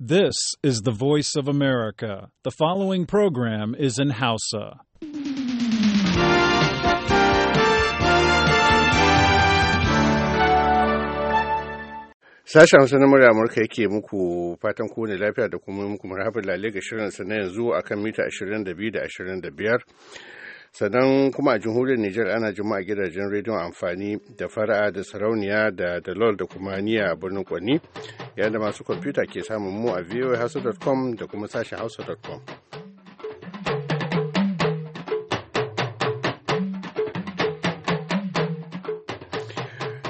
This is the voice of America. The following program is in Hausa. Sashen Hausa na murya Amurka yake muku fatan ku ne lafiya da kuma muku marhaban lalle ga shirin sa na yanzu akan mita 22 da 25. sannan kuma a jamhuriyar Nijar ana juma'a gidajen rediyon amfani da fara'a da sarauniya da dalol da kuma niya a birnin Kwanni yadda masu kwamfuta ke samun mu a voahouse.com da kuma sashen hausa.com.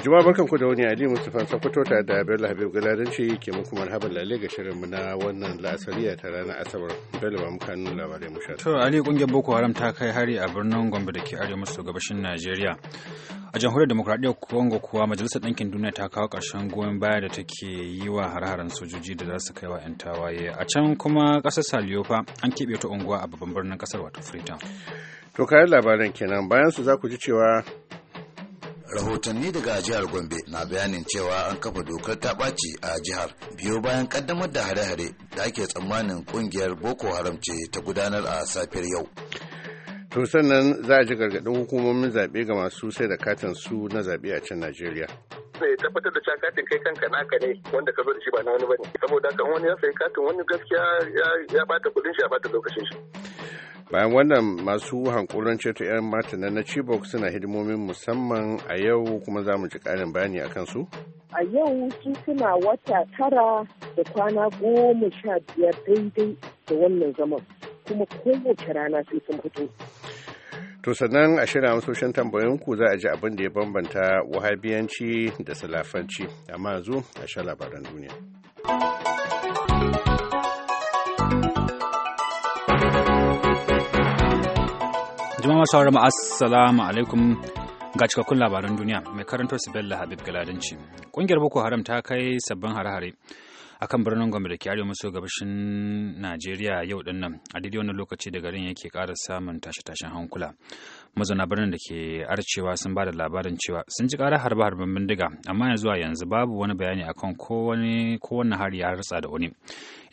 juma'a barkan ku da wani Ali Mustapha Sokoto ta da Bello Habib Galadanci ke muku marhaban lalle ga shirin mu na wannan la'asariya ta ranar Asabar. Bello ba muka nuna labarai mu sha. To Ali kungiyar Boko Haram ta kai hari a birnin Gombe da ke arewa maso gabashin Najeriya. A jamhuriyar demokradiyyar Congo kuwa Majalisar Ɗinkin Duniya ta kawo ƙarshen goyon baya da take yi wa har-haren sojoji da za su kai wa 'yan tawaye. A can kuma ƙasar Saliyofa an keɓe ta unguwa a babban birnin ƙasar wato Freetown. To kayan labaran kenan bayan su za ku ji cewa rahotanni daga jihar gombe na bayanin cewa an kafa dokar ta ɓaci a jihar biyo bayan kaddamar da hare-hare da ake tsammanin kungiyar boko haram ce ta gudanar a safiyar yau to sannan za a ji gargaɗin hukumomin zaɓe ga masu sai da katin su na zaɓe a can najeriya ya tabbatar da cewa katin kai kanka naka ne wanda ka zo da shi ba na wani bane saboda kan wani ya sai katin wani gaskiya ya bata kudin shi ya bata lokacin shi bayan wannan masu hankulan ceto 'yan mata na chibok suna hidimomin musamman a yau kuma za mu ji ƙarin bayani a kansu a yau su suna wata tara da kwana goma sha biyar daidai da wannan zaman kuma kowace rana sai sun fito To sannan a shirin amsoshin tambayoyinku za a ji abin da ya bambanta wahabiyanci da salafanci amma yanzu a sha labaran duniya. Jama'a masu haramu assalamu alaikum ga cikakkun labaran duniya mai su bello Habib Galadanci. Kungiyar Boko Haram ta kai sabbin hare-hare a kan birnin Gombe da ke arewa maso gabashin Najeriya yau din nan a daidai wani lokaci da garin yake ƙara samun tashe-tashen hankula. Mazauna birnin da ke arcewa sun ba da labarin cewa sun ji ƙara harbe-harben bindiga amma yanzu a yanzu babu wani bayani akan ko wani hari ya rutsa da wani.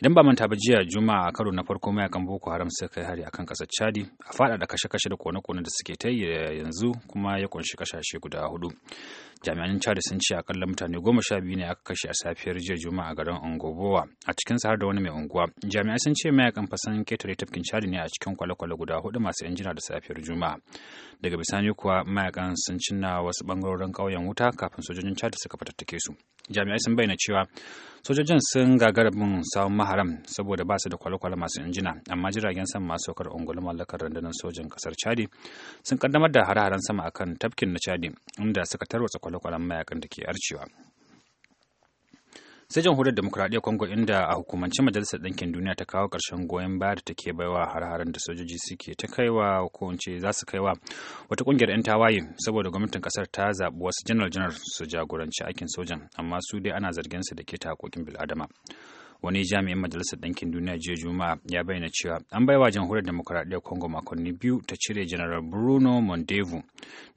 Idan ba manta ba jiya juma a karo na farko mayakan Boko Haram sai kai hari akan kasar Chadi a fada da kashe-kashe da kone-kone da suke ta yi yanzu kuma ya kunshi kasashe guda hudu. Jami'an Chadi sun ce akalla mutane goma sha biyu ne aka kashe a safiyar jiya juma a garin Ongobowa a cikin har da wani mai unguwa. Jami'ai sun ce mayakan fasan ketare tafkin Chadi ne a cikin kwale-kwale guda hudu masu injina da safiyar juma Daga bisani kuwa mayakan sun cinna wasu bangarorin ƙauyen wuta kafin sojojin Chadi suka fatattake su. jami'ai sun bayyana cewa sojojin sun gagara bin samun maharam saboda ba su da kwale-kwale masu injina amma jiragen sama masu saukar ungulu mallakar rundunar sojin kasar chadi sun kaddamar da hare-haren sama akan tafkin na chadi inda suka tarwatsa kwale-kwalen mayakan da ke arcewa sai jamhuriyar demokuraɗiyyar congo inda a hukumance majalisar ɗinkin duniya ta kawo ƙarshen goyon baya da take baiwa har-haren da sojoji suke ta kaiwa ko in za su kaiwa wata ƙungiyar 'yan tawaye saboda gwamnatin ƙasar ta zaɓi wasu janar janar su jagoranci aikin sojan amma su dai ana zargin su da keta haƙoƙin bil'adama wani jami'in majalisar ɗinkin duniya jiya juma'a ya bayyana cewa an baiwa jamhuriyar demokuraɗiyyar congo makonni biyu ta cire janar bruno mondevu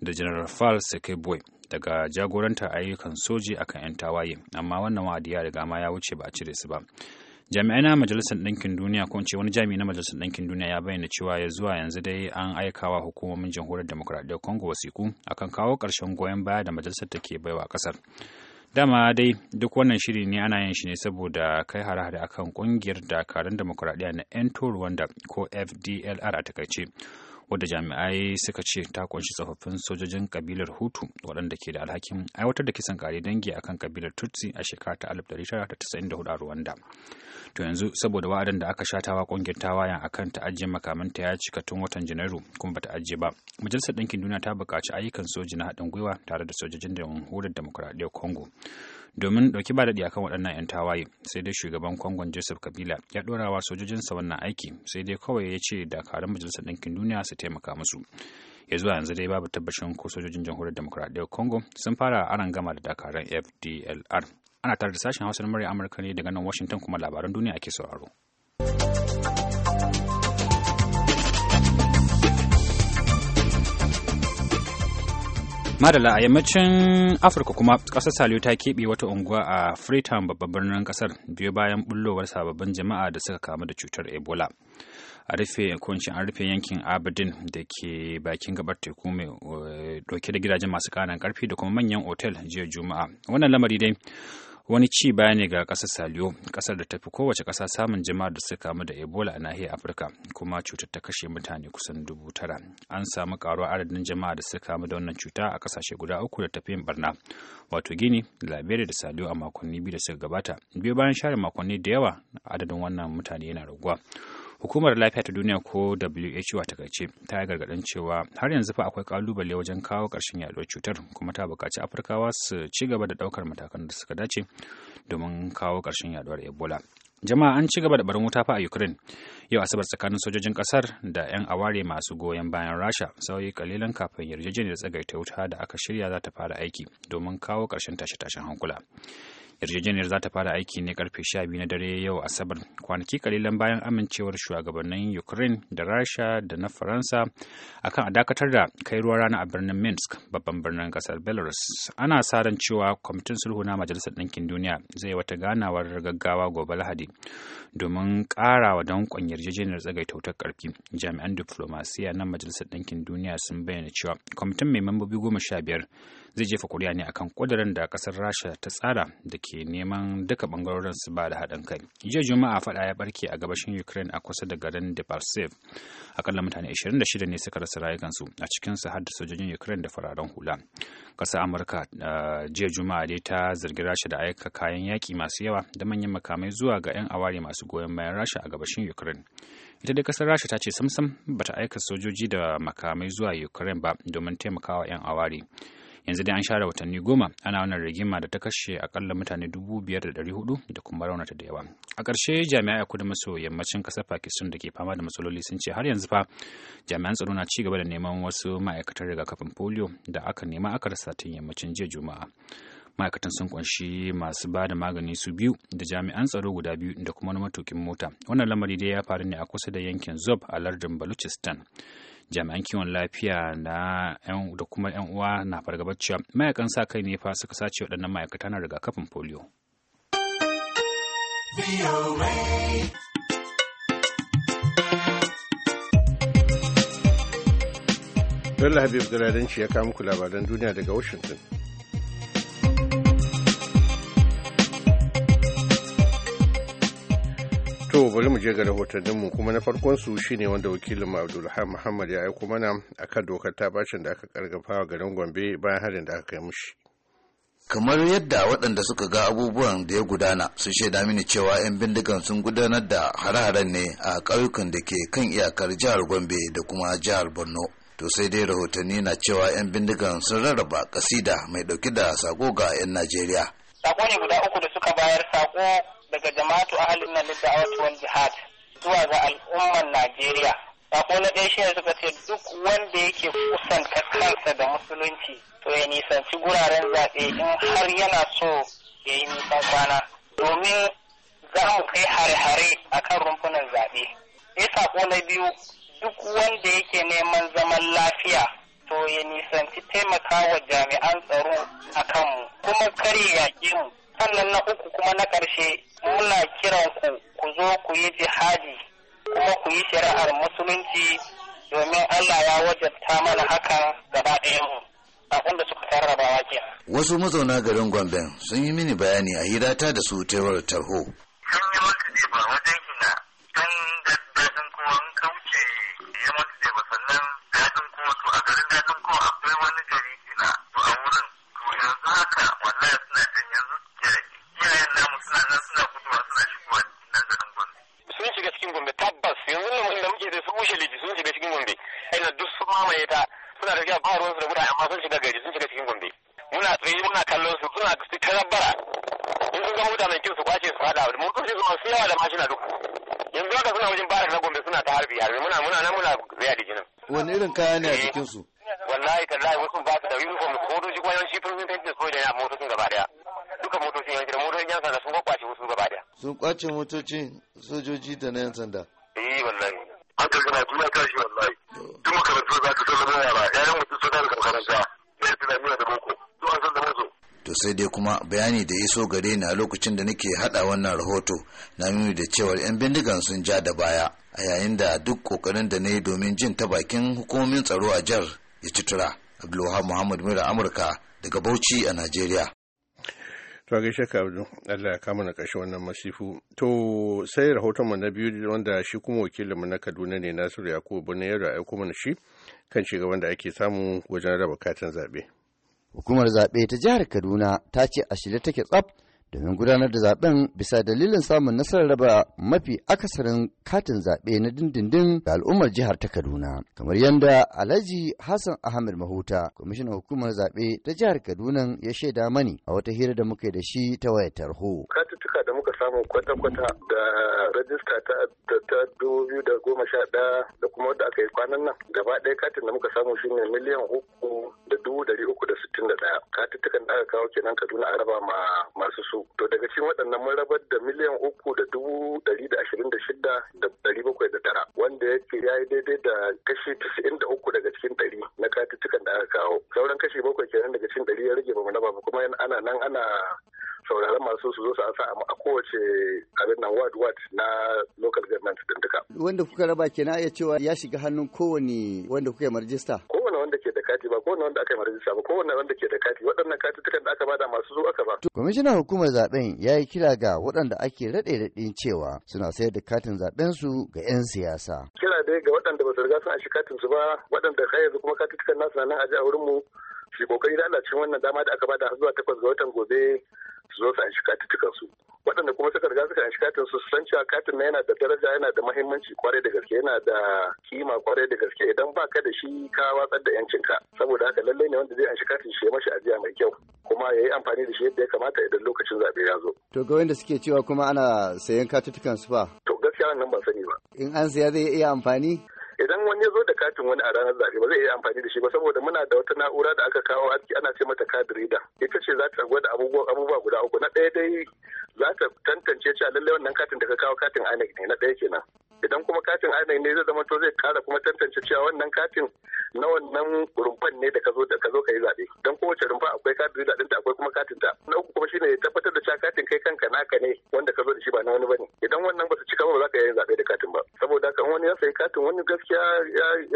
da janar fal sekebue daga jagorantar ayyukan soji akan 'yan tawaye amma wannan wa'adi ya riga ma ya wuce ba a cire su ba jami'ai na majalisar ɗinkin duniya ko ce wani jami'i na majalisar ɗinkin duniya ya bayyana cewa ya zuwa yanzu dai an aikawa hukumomin jamhuriyar demokuraɗiyyar congo wasiku akan kawo ƙarshen goyon baya da majalisar take baiwa ƙasar dama dai duk wannan shiri ne ana yin shi ne saboda kai hare-hare akan ƙungiyar dakarun demokuraɗiyya na 'yan wanda ko fdlr a takaice wadda jami'ai suka ce ta kunshi tsofaffin sojojin kabilar hutu waɗanda ke da alhakin aiwatar da kisan kare dangi akan kabilar tutsi a shekara ta 1994 a rwanda to yanzu saboda wa'adin da aka shatawa kungiyar tawayan a kan ta'ajiyar makamanta ya cika tun watan janairu kuma bata ajiye ba majalisar ɗinkin duniya ta buƙaci ayyukan soji na haɗin gwiwa tare da sojojin jamhuriyar demokuraɗiyyar congo domin dauki ba daɗi akan waɗannan 'yan tawaye sai dai shugaban kwangon joseph kabila ya ɗora wa sojojinsa wannan aiki sai dai kawai ya ce dakarun majalisar ɗinkin duniya su taimaka musu ya zuwa yanzu dai babu tabbacin ko sojojin jamhuriyar demokuraɗiyyar congo sun fara aran gama da dakarun fdlr ana tare da sashen hausar murya amurka ne daga nan washington kuma labaran duniya ake sauraro. madala a yammacin afirka kuma kasar saliyo ta keɓe wata unguwa a freetown babban birnin kasar biyo bayan bullowar sababbin jama'a da suka kamu da cutar ebola a rufe kunshin an rufe yankin aberdeen da ke bakin gabar teku mai dauke eh, da gidajen masu kanan karfi da kuma manyan otel jiya juma'a wannan lamari dai wani ci baya ne ga ƙasar saliyo ƙasar da ta fi kowace ƙasa samun jama'a da suka kamu da ebola a nahiyar afirka kuma cutar ta kashe mutane kusan dubu tara an samu ƙaruwar adadin jama'a da suka kamu da wannan cuta a ƙasashe guda uku da tafiyin barna wato gini liberia da saliyo a makonni biyu da suka gabata biyu bayan share makonni da yawa adadin wannan mutane yana raguwa Hukumar Lafiya ta Duniya ko WHO a takaice ta yi gargaɗin cewa har yanzu fa akwai kalubale wajen kawo ƙarshen yaduwar cutar kuma ta buƙaci Afirkawa su ci gaba da ɗaukar matakan da suka dace domin kawo ƙarshen yaduwar Ebola. jama'a an ci gaba da barin wuta fa a ukraine yau asabar tsakanin sojojin kasar da 'yan aware masu goyon bayan rasha sauyi kalilan kafin yarjejeniyar tsagaita wuta da aka shirya za ta fara aiki domin kawo ƙarshen tashe-tashen hankula yarjejeniyar za ta fara aiki ne karfe 12 na dare yau asabar kwanaki kalilan bayan amincewar shugabannin ukraine da rasha da na faransa akan a dakatar da kai ruwa rana a birnin minsk babban birnin kasar belarus ana sa ran cewa kwamitin sulhu na majalisar ɗinkin duniya zai wata ganawar gaggawa gobe lahadi domin karawa wa danƙon yarjejeniyar tsagaita wutar ƙarfi jami'an diplomasiya na majalisar ɗinkin duniya sun bayyana cewa kwamitin mai mambobi goma sha biyar zai jefa kuri'a ne akan kudirin da kasar rasha ta tsara da ke neman duka bangarorin su ba da haɗin kai jiya juma'a faɗa ya barke a gabashin ukraine a kusa da garin debalsev akalla mutane 26 ne suka rasa rayukansu a su har da sojojin ukraine da fararen hula ƙasar amurka jiya juma'a dai ta zargi rasha da aika kayan yaki masu yawa da manyan makamai zuwa ga 'yan aware masu goyon bayan rasha a gabashin ukraine ita dai kasar rasha ta ce samsam bata aika sojoji da makamai zuwa ukraine ba domin taimakawa 'yan awari. yanzu dai an share watanni goma ana wannan rigima da ta kashe akalla mutane dubu biyar da ɗari hudu da kuma raunata da yawa a ƙarshe jami'a a kudu maso yammacin ƙasar pakistan da ke fama da matsaloli sun ce har yanzu fa jami'an tsaro na ci gaba da neman wasu ma'aikatan rigakafin polio da aka nema aka rasa tun yammacin jiya juma'a ma'aikatan sun kunshi masu ba da magani su biyu da jami'an tsaro guda biyu da kuma wani matukin mota wannan lamari dai ya faru ne a kusa da yankin zob a lardin baluchistan jami'an kiwon lafiya na da kuma 'yan uwa na fargabar cewa mayakan sa kai ne fa suka sace waɗannan ma'aikata na rigakafin polio. Bello Habib Galadanci ya kawo muku labaran duniya daga Washington. To bari mu je ga rahotanninmu kuma na farkon su shine wanda wakilin Abdulhamid Muhammad ya aiko mana akan dokar ta bacin da aka kargafa garin Gombe bayan harin da aka kai mushi. kamar yadda waɗanda suka ga abubuwan da ya gudana su shaida mini cewa 'yan bindigan sun gudanar da hare-haren ne a ƙauyukan da ke kan iyakar jihar gombe da kuma jihar borno to sai dai rahotanni na cewa 'yan bindigan sun rarraba kasida mai ɗauke da sako ga 'yan najeriya sako ne guda uku da suka bayar sako daga jama'atu ahalin na da'awati wal jihad zuwa ga al'umman Najeriya. Sako na ɗaya shine suka ce duk wanda yake kusan kansa da musulunci to ya nisanci guraren zaɓe in har yana so ya yi nisan kwana domin za mu kai hare-hare a kan rumfunan zaɓe. Ya sako na biyu duk wanda yake neman zaman lafiya to ya nisanci taimakawa jami'an tsaro a kanmu kuma kar ya yaƙi mu sannan na uku kuma na ƙarshe muna kiran ku ku zo ku yi jihadi kuma ku yi shari'ar musulunci domin Allah ya wajabta mana hakan gaba ɗayanmu abinda suka tarrabawa ke. Wasu mazauna garin Gombe sun yi mini bayani a hirata da su tewar tarho. Sun yi maka ne ba wajen hina sun daɗin kowa an kauce ya maka ne ba sannan daɗin kowa to a garin daɗin kuma akwai wani gari kina to a wurin to yanzu haka wallahi suna janya suna nan suna fitowa suna shigowa cikin garin Gombe. Sun shiga cikin Gombe tabbas yanzu nan da muke da su ushe liji sun shiga cikin Gombe. Ina duk su mamaye ta suna da tafiya ba su da mutane amma sun shiga gari sun shiga cikin Gombe. Muna tsaye muna kallon su suna su ta rabbara. In sun ga mutanen kin su kwace su fada mu kuma su masu yawa da mashina duk. Yanzu haka suna wajen barak na Gombe suna ta harbi harbi muna muna nan muna zaya da jinin. Wani irin kaya ne a eh. jikinsu? Wallahi tallahi wasu ba su da uniform ko doji kuma yawanci firmin fentin soja ne a motocin gaba daya. duka motocin yan da motocin yan sanda sun kwakwace wasu gaba daya sun kwace motocin sojoji da na yan sanda eh wallahi an ka gana duniya kashi wallahi duk makarantu za ka sallama yara yayin mutum sun daga makaranta ne nuna da boko to an sallama su to sai dai kuma bayani da iso gare ni a lokacin da nake hada wannan rahoto na nuni da cewar yan bindigan sun ja da baya a yayin da duk kokarin da na yi domin jin ta bakin hukumomin tsaro a jihar ya ci tura Abdullahi muhammad mura amurka daga bauchi a najeriya to gaishe ka Allah ya kama na kashe wannan masifu to sai rahoton mu na biyu wanda shi kuma wakilin mu na Kaduna ne Nasiru Yakubu ne ya aiko mana shi kan shugaban da ake samu wajen raba katin zaɓe. Hukumar zaɓe ta jihar Kaduna ta ce a shirye take tsaf domin gudanar da zaben bisa dalilin samun nasarar raba mafi akasarin katin zaɓe na dindindin ga al'ummar jihar ta Kaduna. Kamar yadda Alhaji Hassan Ahmed Mahuta, kwamishinan hukumar zaɓe ta jihar Kaduna ya shaida mani a wata hira da muka da shi ta wayar tarho. cututtuka da muka samu kwata-kwata da rajista ta ta dubu da goma sha ɗaya da kuma wadda aka yi kwanan nan gaba ɗaya katin da muka samu shine miliyan uku da dubu dari uku da sittin da ɗaya katuttukan da aka kawo kenan kaduna a raba ma masu su to daga cikin waɗannan mun rabar da miliyan uku da dubu dari da ashirin da shida da dari bakwai da tara wanda yake ya yi daidai da kashi tisa'in da uku daga cikin ɗari na katuttukan da aka kawo sauran kashi bakwai kenan daga cikin ɗari ya rage ba mu raba ba kuma ana nan ana sauraron masu su zo su a samu a kowace abin nan ward ward na local government din duka. Wanda kuka raba kenan iya cewa ya shiga hannun kowane wanda kuka yi marjista? Kowane wanda ke da kati ba kowane wanda aka yi marjista ba kowane wanda ke da kati waɗannan tukan da aka bada masu zo aka ba. Kwamishinan hukumar zaben ya yi kira ga waɗanda ake raɗe-raɗin cewa suna sayar da katin zaben su ga 'yan siyasa. Kira dai ga waɗanda ba su riga sun ashi katin su ba waɗanda kai yanzu kuma tukan nasu na nan a wurin mu su kokari da Allah cikin wannan dama da aka bada zuwa takwas ga watan gobe su zo su an shika tutukan su waɗanda kuma suka riga suka an shika su san cewa katin yana da daraja yana da mahimmanci kwarai da gaske yana da kima kwarai da gaske idan ba ka da shi ka watsar da yancinka saboda haka lallai ne wanda zai an shika shi ya mashi ajiya mai kyau kuma ya yi amfani da shi yadda ya kamata idan lokacin zaɓe ya zo. To ga wanda suke cewa kuma ana sayan katutukan su ba. To gaskiya nan ban sani ba. In an siya zai iya amfani? idan wani ya zo da katin wani a ranar zaɓe ba zai iya amfani da shi ba saboda muna da wata na'ura da aka kawo ana ce mata kadiri ita ce za ta gwada abubuwa guda uku na ɗaya dai za ta tantance cewa lallai wannan katin da ka kawo katin INEC ne na ɗaya kenan idan kuma katin INEC ne zai zama to zai kara kuma tantance cewa wannan katin na wannan rumfan ne da ka zo ka yi zaɓe don kowace rumfa akwai katin zaɓen ta akwai kuma katin ta na uku kuma shine tabbatar da cewa katin kai kanka naka ne wanda ka zo da shi ba na wani bane idan wannan ba su cika ba za ka yi zaɓe da katin ba saboda kan wani ya sayi katin wani gaskiya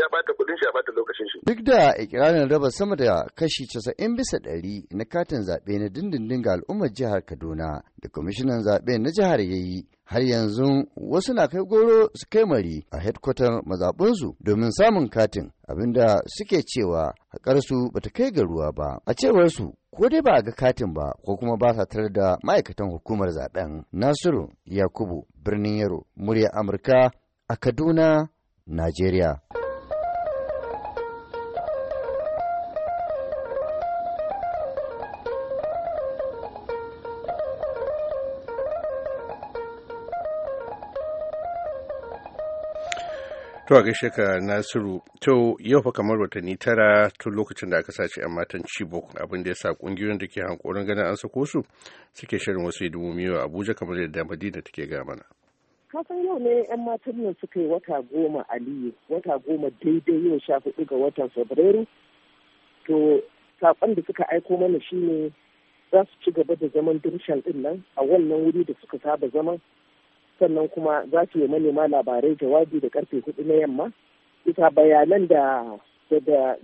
ya bata kuɗin shi ya bata lokacin shi duk da ikirarin raba sama da kashi casa'in bisa 100 na katin zaɓe na dindindin ga al'ummar jihar Kaduna da kuma kwamishinan zaɓe na jihar ya yi har yanzu wasu na kai goro su kai mari a hedkwatar mazaɓinsu domin samun katin abinda suke cewa haƙarsu ta kai ga ruwa ba a cewar su ko dai ba a ga katin ba ko kuma ba sa tar da ma'aikatan hukumar zaɓen. nasiru yakubu birnin yaro murya amurka a kaduna najeriya To a gaishe ka Nasiru, to yau fa kamar watanni tara tun lokacin da aka sace 'yan matan Chibok abin da ya sa kungiyoyin da ke hankorin ganin an sako su suke shirin wasu hidimomi a Abuja kamar yadda Madina take ga mana. Kasan yau ne 'yan matan nan suka yi wata goma Aliyu, wata goma daidai yau sha hudu ga watan Fabrairu. To saƙon da suka aiko mana shine za su ci gaba da zaman dirshan din nan a wannan wuri da suka saba zaman sannan kuma za su yi manema labarai jawabi da karfe hudu na yamma ita bayanan da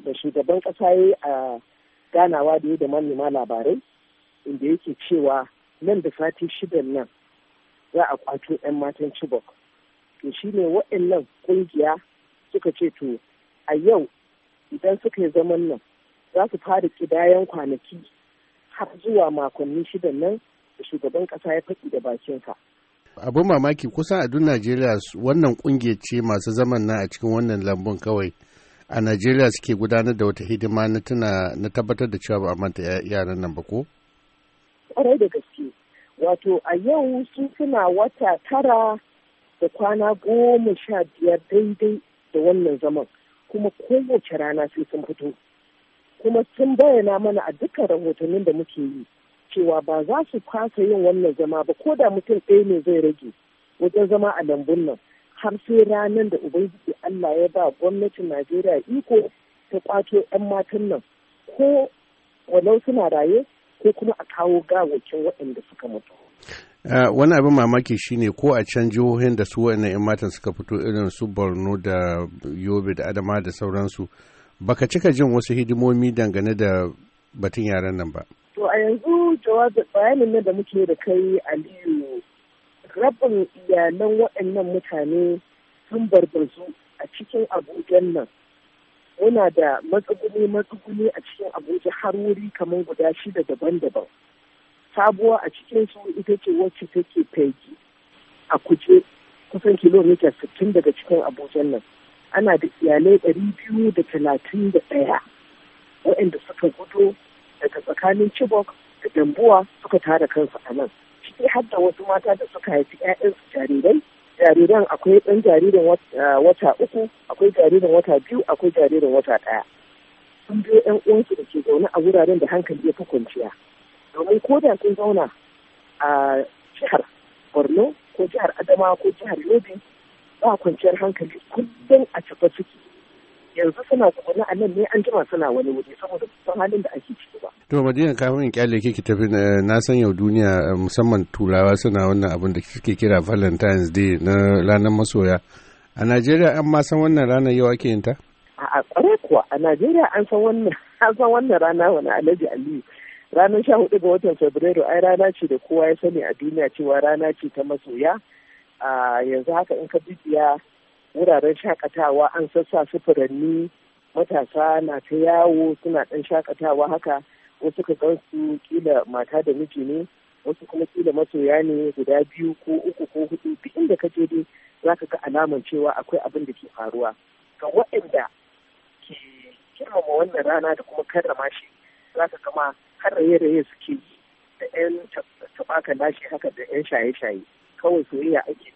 da shugaban kasa ya a ganawa da ya da manema labarai inda yake cewa nan da sati shidan nan za a kwato 'yan matan chibok to ne waɗannan ƙungiya suka ce to a yau idan suka yi zaman nan za su fara kidayen kwanaki har zuwa makonni shidan nan da shugaban kasa ya faɗi da bakinka. abin mamaki kusan a duk najeriya wannan kungiyar ce masu zaman nan a cikin wannan lambun kawai a najeriya suke gudanar da wata hidima na tuna na tabbatar da cewa ba a manta yaran nan ba ko kwarai da gaske wato a yau su suna wata tara da kwana goma sha biyar daidai da wannan zaman kuma kowace rana sai sun fito kuma sun bayyana mana a dukkan rahotannin da muke yi cewa ba za su kwasa yin wannan zama ba ko da mutum ɗaya ne zai rage wajen zama a lambun nan har sai ranar da ubangiji Allah ya ba gwamnatin Najeriya iko ta kwato 'yan matan nan ko walau suna raye ko kuma a kawo gawakin waɗanda suka mutu. Eh, wani abin mamaki shine ko a can jihohin da su waɗannan 'yan matan suka fito irin su borno da yobe da adama da sauransu baka cika jin wasu hidimomi dangane da batun yaran nan ba. to a yanzu da bayanin nan da muke da kai aliyu rabin iyalan waɗannan mutane sun barbazu a cikin abujan nan muna da matsuguni matsuguni a cikin abuja har wuri kamar guda shida daban-daban sabuwa a cikin su ita ce wacce take fegi a kuje kusan kilomita 60 daga cikin abujan nan ana da iyalai 231 waɗanda suka gudu daga tsakanin chibok da dambuwa suka tara kansu a nan ciki har da wasu mata da suka haifi 'ya'yansu jarirai jariran akwai ɗan jaririn wata uku akwai jaririn wata biyu akwai jaririn wata ɗaya sun biyo 'yan uwansu da ke zaune a wuraren da hankali ya fi kwanciya domin ko da sun zauna a jihar borno ko jihar adama ko jihar yobe ba kwanciyar hankali kullum a cika suke yanzu suna kwana a nan ne an jima suna wani wuri saboda san halin da ake ciki ba. To Madina kafin in kyale ki tafi na san yau duniya eh, musamman turawa suna wannan abin da kike kira Valentine's Day na ranar masoya. A Najeriya an ma san wannan ranar yau ake yin ta? A kwarai kuwa a Najeriya an san wannan an san wannan rana wani Alhaji Aliyu. Ranar sha hudu ga watan Fabrairu ai rana ce da kowa ya sani a duniya cewa rana ce ta masoya. Ah, yanzu haka in ka bibiya wuraren shakatawa an sassa su furanni matasa na ta yawo suna ɗan shakatawa haka wasu ka gan su kila mata da miji ne wasu kuma kila masoya ne guda biyu ko uku ko hudu duk inda ka je dai za ka ga alaman cewa akwai abin da ke faruwa ga waɗanda ke girmama wannan rana da kuma karrama shi za ka kama har raye-raye suke yi da 'yan tabaka lashe haka da 'yan shaye-shaye kawai soyayya ake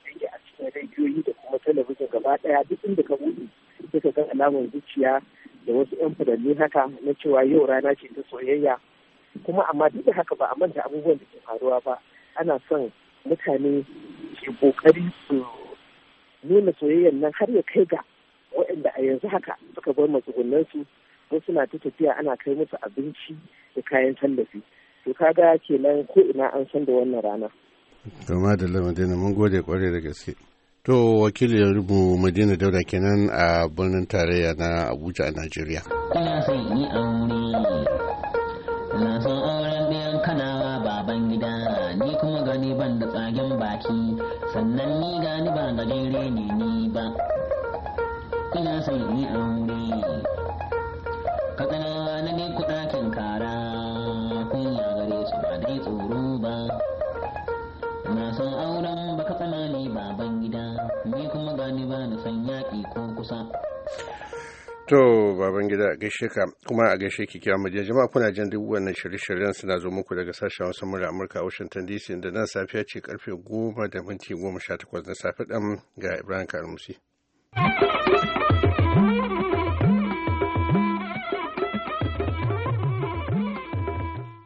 rediyoyi da kuma talabijin gaba ɗaya duk inda ka buɗe suka ga alamar zuciya da wasu 'yan fadalli haka na cewa yau rana ce ta soyayya kuma amma duk da haka ba a manta abubuwan da ke faruwa ba ana son mutane ke kokari su nuna soyayyar nan har ya kai ga waɗanda a yanzu haka suka bar matsugunan su wasu na ta tafiya ana kai musu abinci da kayan tallafi to kaga kenan ko ina an san da wannan rana. Gama da lamadina mun gode kwarai da gaske. To wakilin mu Madina Dauda kenan a birnin tarayya na Abuja a Najeriya. Kana son yi aure, na son auren ɗayan kanawa baban gida, ni kuma gani ban da tsagen baki, sannan ni gani ba da gere ne ni ba. Ina son yi aure, kusan yaƙi ko kusa To baban gida a gaishe ka kuma a gaishe ki kira mujin jama'a kuna jin duk wannan shirye-shiryen suna zo muku daga sashen wasu murar Amurka a Washington DC inda nan safiya ce karfe goma da minti goma sha takwas na safe ɗan ga Ibrahim Kalmusi.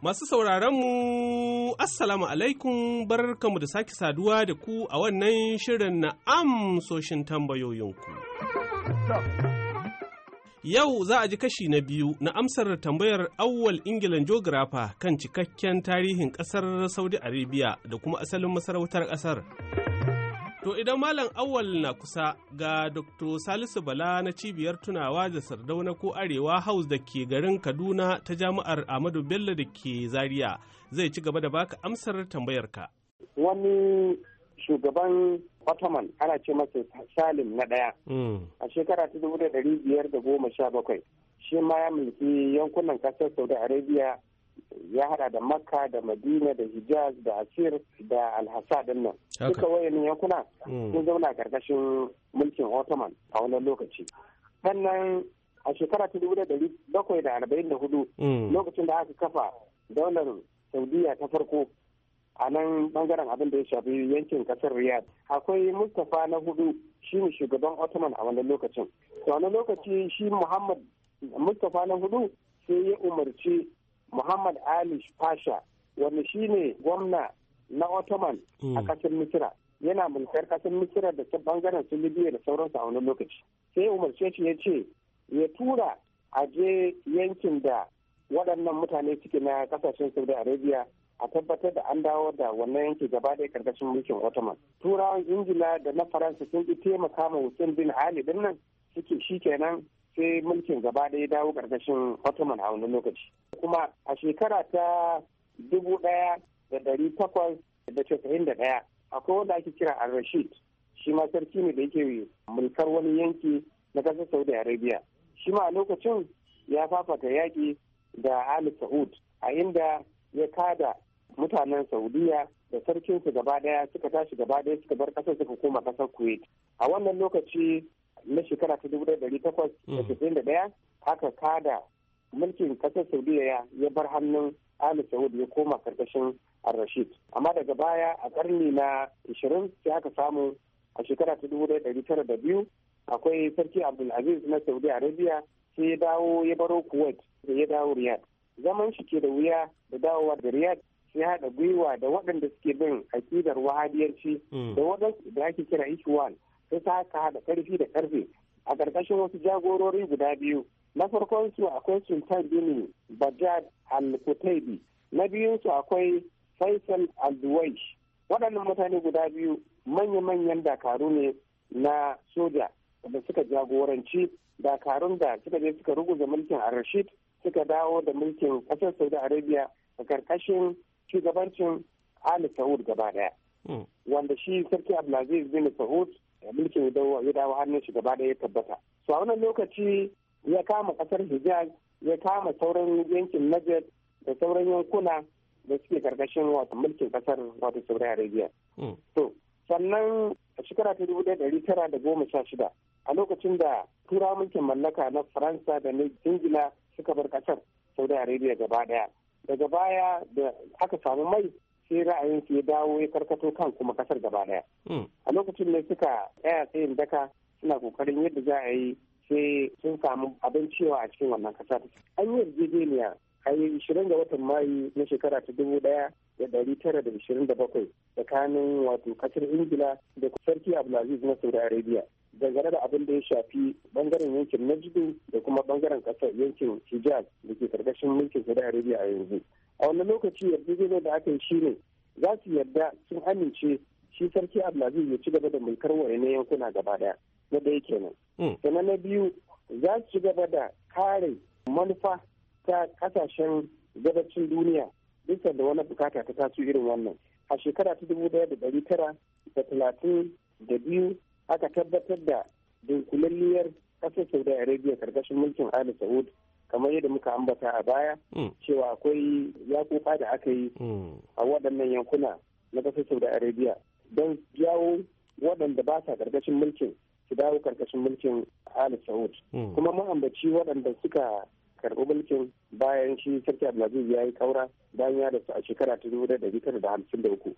Masu sauraronmu, Assalamu alaikum barkanmu da sake saduwa da ku a wannan shirin na amsoshin tambayoyinku. Yau za a ji kashi na biyu na amsar tambayar awwal Ingilan Geographer kan cikakken tarihin ƙasar Saudi Arabia da kuma asalin masarautar ƙasar. To idan Malam Awal na kusa ga Dr. Salisu Bala na cibiyar tunawa da Sardauna ko Arewa House da ke garin Kaduna ta jami'ar Ahmadu Bello da ke Zaria zai ci gaba da baka amsar tambayarka. Wani shugaban Ottoman ana ce masa Salim na ɗaya. Hmm. A shekara ta dubu da goma sha bakwai shi ma ya mulki yankunan ƙasar Saudi Arabia ya hada da makka da madina da hijaz da asir da alhassa din nan duka wayannan yankuna hmm. sun zauna karkashin mulkin ottoman a wannan lokaci sannan a shekara ta dubu da dari bakwai da arba'in da hudu hmm. lokacin da aka kafa daular saudiya ta farko a nan bangaren abin da ya shafi yankin kasar riyad akwai mustapha na hudu shi ne shugaban ottoman a wannan lokacin to a wannan lokaci shi muhammad mustapha na hudu sai ya umarci muhammad ali pasha wanda shine gwamna na ottoman a kasar mm. misira yana mulkar kasar misira da ta bangaren su libya da sauransu a wani lokaci sai umarce shi ya ce ya tura a je yankin da waɗannan mutane suke na ƙasashen saudi arabia a tabbatar da an dawo da wannan yanki gaba ɗaya karkashin mulkin ottoman turawan ingila da na faransa sun ki taimaka ma hussein bin ali din nan suke shi kenan sai mulkin gaba da ya dawo ƙarƙashin ottoman a wani lokaci kuma a shekara ta dubu ɗaya da ɗari takwas da casa'in da ɗaya akwai wanda ake kira al rashid shi ma sarki ne da yake mulkar wani yanki na ƙasar saudi arabia shi ma a lokacin ya fafata yaƙi da ali saud a inda ya kada mutanen saudiya da sarkinsu gaba daya suka tashi gaba daya suka bar kasar suka koma ƙasar kuwait a wannan lokaci na shekara ta dubu ɗari takwas da mm. casa'in da ɗaya aka kada mulkin ƙasar saudiya ya bar hannun ali saudi ya koma karkashin al-rashid amma daga baya a ƙarni na ashirin sai aka samu a shekara ta dubu ɗari tara da biyu akwai sarki abdulaziz na saudi arabia sai ya dawo ya baro kuwait da ya dawo riyad zaman shi ke da wuya da dawowa da riyad sai haɗa gwiwa da waɗanda suke bin aƙidar wahadiyarci mm. da waɗanda da ake kira ikhwan sai ta haka da ƙarfi da ƙarfe a ƙarƙashin wasu jagorori guda biyu na farkon su akwai sultan bin bajad al kutaibi na biyun su akwai faisal al duwaish waɗannan mutane guda biyu manya-manyan dakaru ne na soja da suka jagoranci dakarun da suka je suka ruguza mulkin a rashid suka dawo da mulkin ƙasar saudi arabia a ƙarƙashin shugabancin ali saud gaba ɗaya hmm. wanda shi sarki abdulaziz bin saud mulkin ya dawo hannun shi gaba da ya tabbata su a wannan lokaci ya kama ƙasar hijaz ya kama sauran yankin najd da sauran yankuna da suke karkashin wato mulkin ƙasar wato saudi arabia hmm. to sannan a shekara ta dubu ɗaya ɗari tara da goma sha shida a lokacin da tura mulkin mallaka na faransa da na ingila suka bar ƙasar saudi arabia gaba ɗaya daga baya da aka samu mai sai ra'ayin su ya dawo ya karkato kan kuma kasar gaba daya hmm. a lokacin ne suka tsaya tsayin daka suna kokarin yadda za a yi sai sun samu abin cewa a cikin wannan kasa an yi yarjejeniya a yi ishirin ga watan mayu na shekara ta dubu daya da dari tara da ishirin da bakwai tsakanin wato kasar ingila da sarki abdulaziz na saudi arabia dangane da abin da ya shafi bangaren yankin najdu da kuma bangaren kasar yankin hijaz da ke karkashin mulkin saudi arabia a yanzu a wani lokaci yarjejeniyar da aka yi shi ne za su yarda sun amince shi sarki abdulaziz ya ci gaba da mulkar na yankuna gaba daya na da yake nan hmm. sannan na biyu za su ci gaba da kare manufa ta kasashen gabacin duniya bisa da wani bukata ta taso irin wannan a shekara ta dubu daya da dari tara da talatin da biyu aka tabbatar da dunkulalliyar kasar saudi arabia karkashin mulkin ali saud kamar yadda muka ambata a baya mm. cewa akwai yakuka da aka yi mm. a waɗannan yankuna na ƙasar saudi arabia don jawo waɗanda ba sa ƙarƙashin mulkin su dawo ƙarƙashin mulkin ali saud mm. kuma ma'ambaci waɗanda suka karɓi mulkin bayan shi sarki abdulaziz ya yi kaura bayan ya rasu a shekara ta dubu da tara da hamsin da uku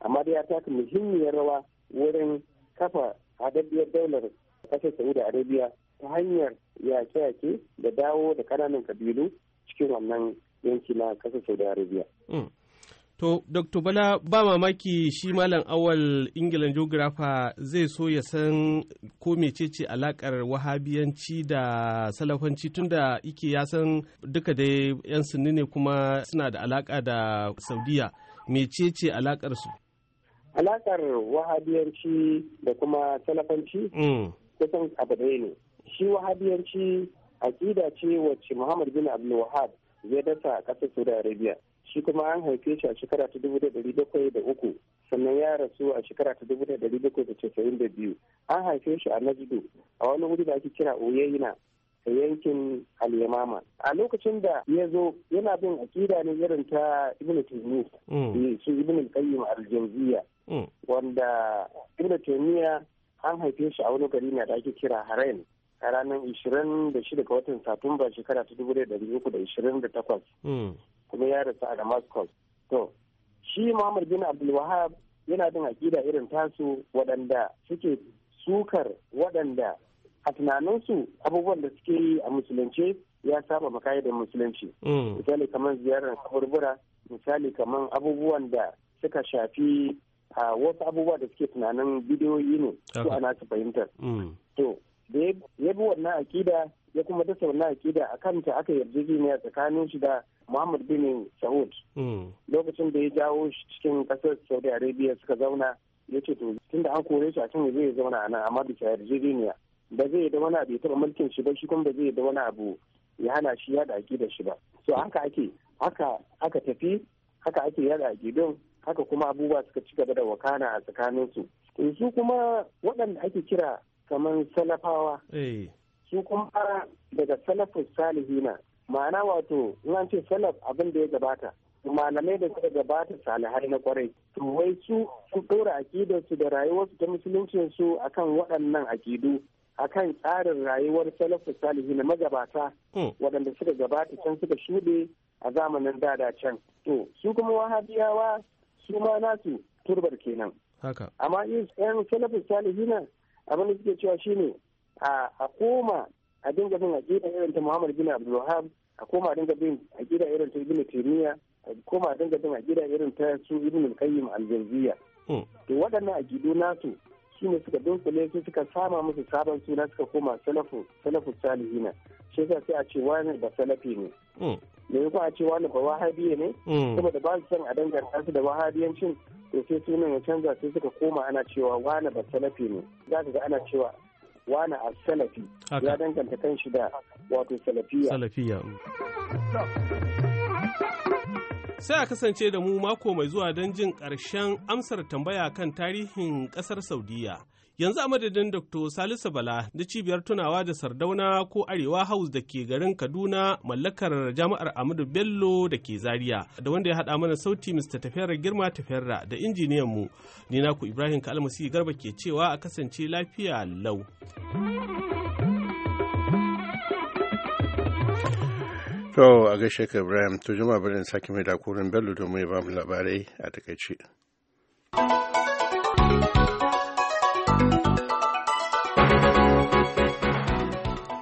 amma dai ya taka muhimmiyar rawa wurin kafa haɗaɗɗiyar daular ƙasar saudi arabia ta hanyar yake-yake da dawo da ƙananan kabilu cikin wannan yanki na kasar saudi arabia hmm. To, Dr. Bala ba mamaki shi Malam Awal Ingilan Geographer zai so ya san ko mecece alakar wahabiyanci da salafanci tunda ike ya san duka dai 'yan sunni ne kuma suna da alaka da Saudiya. Mecece alakar su? Alakar wahabiyanci da kuma salafanci? Hmm. Kusan abu ne. shi wahabiyanci aƙida ce wacce muhammad bin abdulwahab ya dasa a ƙasar saudi arabia shi kuma an haife shi a shekara ta dubu da dari bakwai da uku sannan ya rasu a shekara ta dubu da dari bakwai da casa'in da biyu an haife shi a najdu a wani wuri da ake kira oyayina a yankin alyamama a lokacin da ya zo yana bin aƙida ne irin ta ibn taymiya mm. eh, su ibn qayyim al mm. wanda ibn taymiya an haife shi a wani gari na da ake kira harain a ranar 26 ga watan satumba shekara ta 1328 mm. kuma ya rasu a damascus to shi muhammad bin abdulwahab yana bin aƙida irin tasu waɗanda suke sukar waɗanda a tunaninsu abubuwan da suke yi a musulunci ya saba da musulunci mm. misali kamar ziyarar kaburbura misali kamar abubuwan da suka shafi a wasu abubuwa da suke tunanin bidiyoyi ne su ana su fahimtar mm. to da ya bi wannan akida ya kuma dasa wannan akida a kanta aka yarjejeniya tsakanin shi da Muhammad bin Saud hmm. lokacin da ya jawo shi cikin kasar Saudi Arabia suka zauna ya ce to da an kore shi a can zai zauna a nan amma bisa yarjejeniya ba zai yi da wani abu ya taɓa mulkin shi ba shi kuma ba zai yi da wani abu ya hana shi yada akidar shi ba so haka ake haka aka tafi haka ake yada akidun haka kuma abubuwa suka ci gaba da wakana a tsakanin su su kuma waɗanda ake kira kamar salafawa eh. su kuma daga salafus salihina ma'ana wato in an ce salaf abin da ya gabata malamai da suka gabata salihai na kwarai to wai su su dora akidarsu da rayuwarsu ta musuluncin su akan waɗannan akidu kan tsarin rayuwar salafus salihi na magabata hmm. waɗanda suka gabata can suka shuɗe a zamanin dada can to su kuma wahabiyawa su ma nasu turbar kenan amma yan salafin salihi na abin da suke cewa shine a koma a dinga bin aƙida irin ta Muhammad bin Abdulwahab a koma a dinga bin aƙida irin ta Ibn Taymiyyah a koma a dinga bin aƙida irin ta su Ibn Al-Qayyim hmm. to waɗannan aƙidu nasu shi ne suka dunkule su suka sama musu sabon suna suka koma salafu salafu salihina shi yasa sai a ce wani ba salafi ne hmm. me ya a cewa na ba ne mm. saboda ba su san a danganta su da wahabiyancin to sai sunan ya canza sai suka koma ana cewa wani ba salafi ne za ka ga ana cewa wani a salafi ya danganta kan shi da wato salafiya sai a kasance da mu mako mai zuwa don jin ƙarshen amsar tambaya kan tarihin ƙasar saudiya Yanzu a madadin Dr. Salisu Bala da cibiyar tunawa da Sardauna ko Arewa House da ke garin Kaduna mallakar jami'ar amadu Bello da ke Zaria da wanda ya haɗa mana sauti Mr. Tafiyar Girma Tafiyar da injiniyan mu. Ni naku Ibrahim Kalmasi Garba ke cewa a kasance lafiya lau. To a gaishe ka Ibrahim to jama'a birnin sake mai da Bello domin ya ba mu labarai a takaice.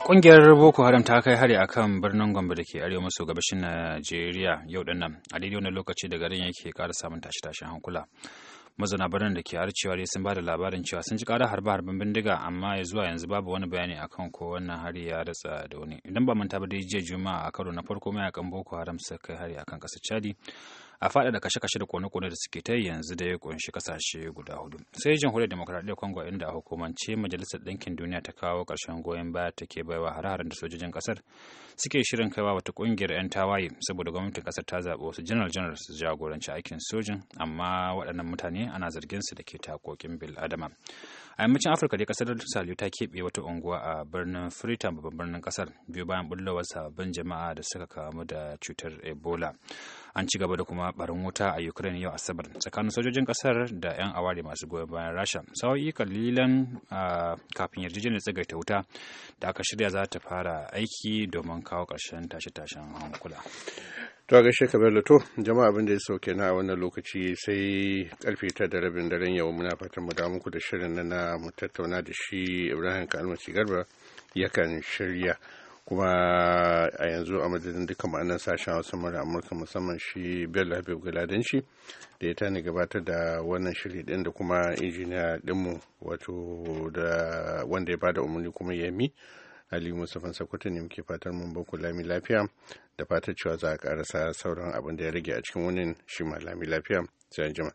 Ƙungiyar Boko Haram ta kai hari akan birnin Gombe da ke arewa maso gabashin Najeriya yau din nan a daidai wani lokaci da garin yake ƙara samun tashe tashin hankula. Mazana birnin da ke arcewa dai sun ba da labarin cewa sun ji ƙara harba harbin bindiga amma ya zuwa yanzu babu wani bayani akan ko wannan hari ya ratsa da wani. Idan ba manta ba dai jiya Juma'a a karo na farko mayakan Boko Haram suka kai hari akan ƙasar Chadi a faɗa da kashe-kashe da kone-kone da suke ta yanzu da ya kunshi kasashe guda hudu sai jamhuriyar demokradiyyar congo inda a hukumance majalisar ɗinkin duniya ta kawo ƙarshen goyon baya ta ke baiwa hare-haren da sojojin ƙasar suke shirin kaiwa wata ƙungiyar 'yan tawaye saboda gwamnatin ƙasar ta zaɓi wasu janar janar su jagoranci aikin sojin amma waɗannan mutane ana zargin su da ke takokin bil adama a yammacin afirka dai kasar salo ta keɓe wata unguwa a birnin freetown babban birnin kasar biyu bayan bullawar sababbin jama'a da suka kamu da cutar ebola an ci gaba da kuma barin wuta a ukraine yau asabar tsakanin sojojin kasar da 'yan aware masu goyon bayan rasha sa'o'i kalilan kafin yarjejeniyar tsagaita wuta da aka shirya za ta fara aiki domin kawo ƙarshen tashe-tashen hankula to gaishe kamar lato jama'a abin da ya sauke na wannan lokaci sai karfe ta da rabin daren yau muna fatan mu da muku da shirin na na mu tattauna da shi ibrahim kalmasi garba yakan shirya kuma a yanzu a madadin duka ma'anar sashen hausa mara amurka musamman shi bello habib galadanci da ya tani gabatar da wannan shiri din da kuma injiniya dinmu wato da wanda ya bada umarni kuma yami ali musa fansa ne muke fatan mun baku lami lafiya da fatar cewa za a ƙarasa sauran abin da ya rage a cikin wani shi malami lafiya sai an jima.